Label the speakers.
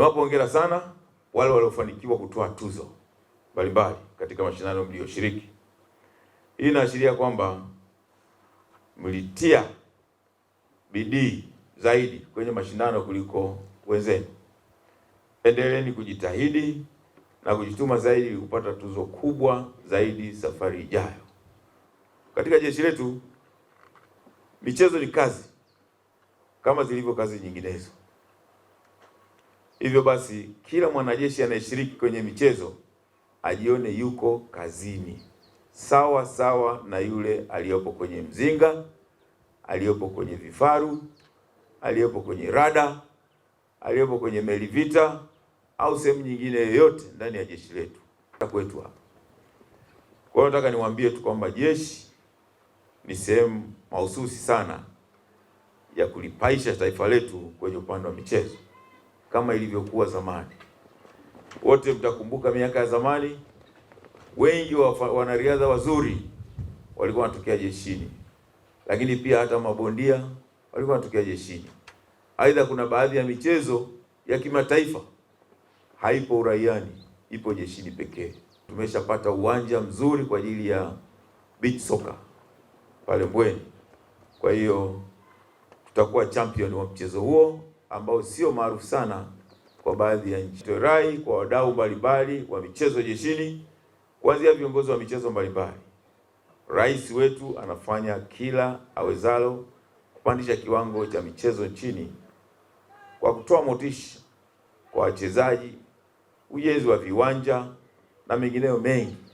Speaker 1: Nawapa hongera sana wale waliofanikiwa kutoa tuzo mbalimbali katika mashindano mliyoshiriki Hii inaashiria kwamba mlitia bidii zaidi kwenye mashindano kuliko wenzenu. Endeleeni kujitahidi na kujituma zaidi kupata tuzo kubwa zaidi safari ijayo. Katika jeshi letu michezo ni kazi kama zilivyo kazi nyinginezo. Hivyo basi kila mwanajeshi anayeshiriki kwenye michezo ajione yuko kazini sawa sawa na yule aliyopo kwenye mzinga, aliyopo kwenye vifaru, aliyopo kwenye rada, aliyopo kwenye meli vita au sehemu nyingine yoyote ndani ya jeshi letu kwetu hapa. Kwa hiyo nataka niwaambie tu kwamba jeshi ni sehemu mahususi sana ya kulipaisha taifa letu kwenye upande wa michezo kama ilivyokuwa zamani. Wote mtakumbuka miaka ya zamani, wengi wa wanariadha wazuri walikuwa wanatokea jeshini, lakini pia hata mabondia walikuwa wanatokea jeshini. Aidha, kuna baadhi ya michezo ya kimataifa haipo uraiani, ipo jeshini pekee. Tumeshapata uwanja mzuri kwa ajili ya beach soccer pale Mbweni, kwa hiyo tutakuwa champion wa mchezo huo ambao sio maarufu sana kwa baadhi ya nchi. Nitoe rai kwa wadau mbalimbali wa michezo jeshini, kuanzia viongozi wa michezo mbalimbali. Rais wetu anafanya kila awezalo kupandisha kiwango cha michezo nchini kwa kutoa motisha kwa wachezaji, ujenzi wa viwanja na mengineyo mengi.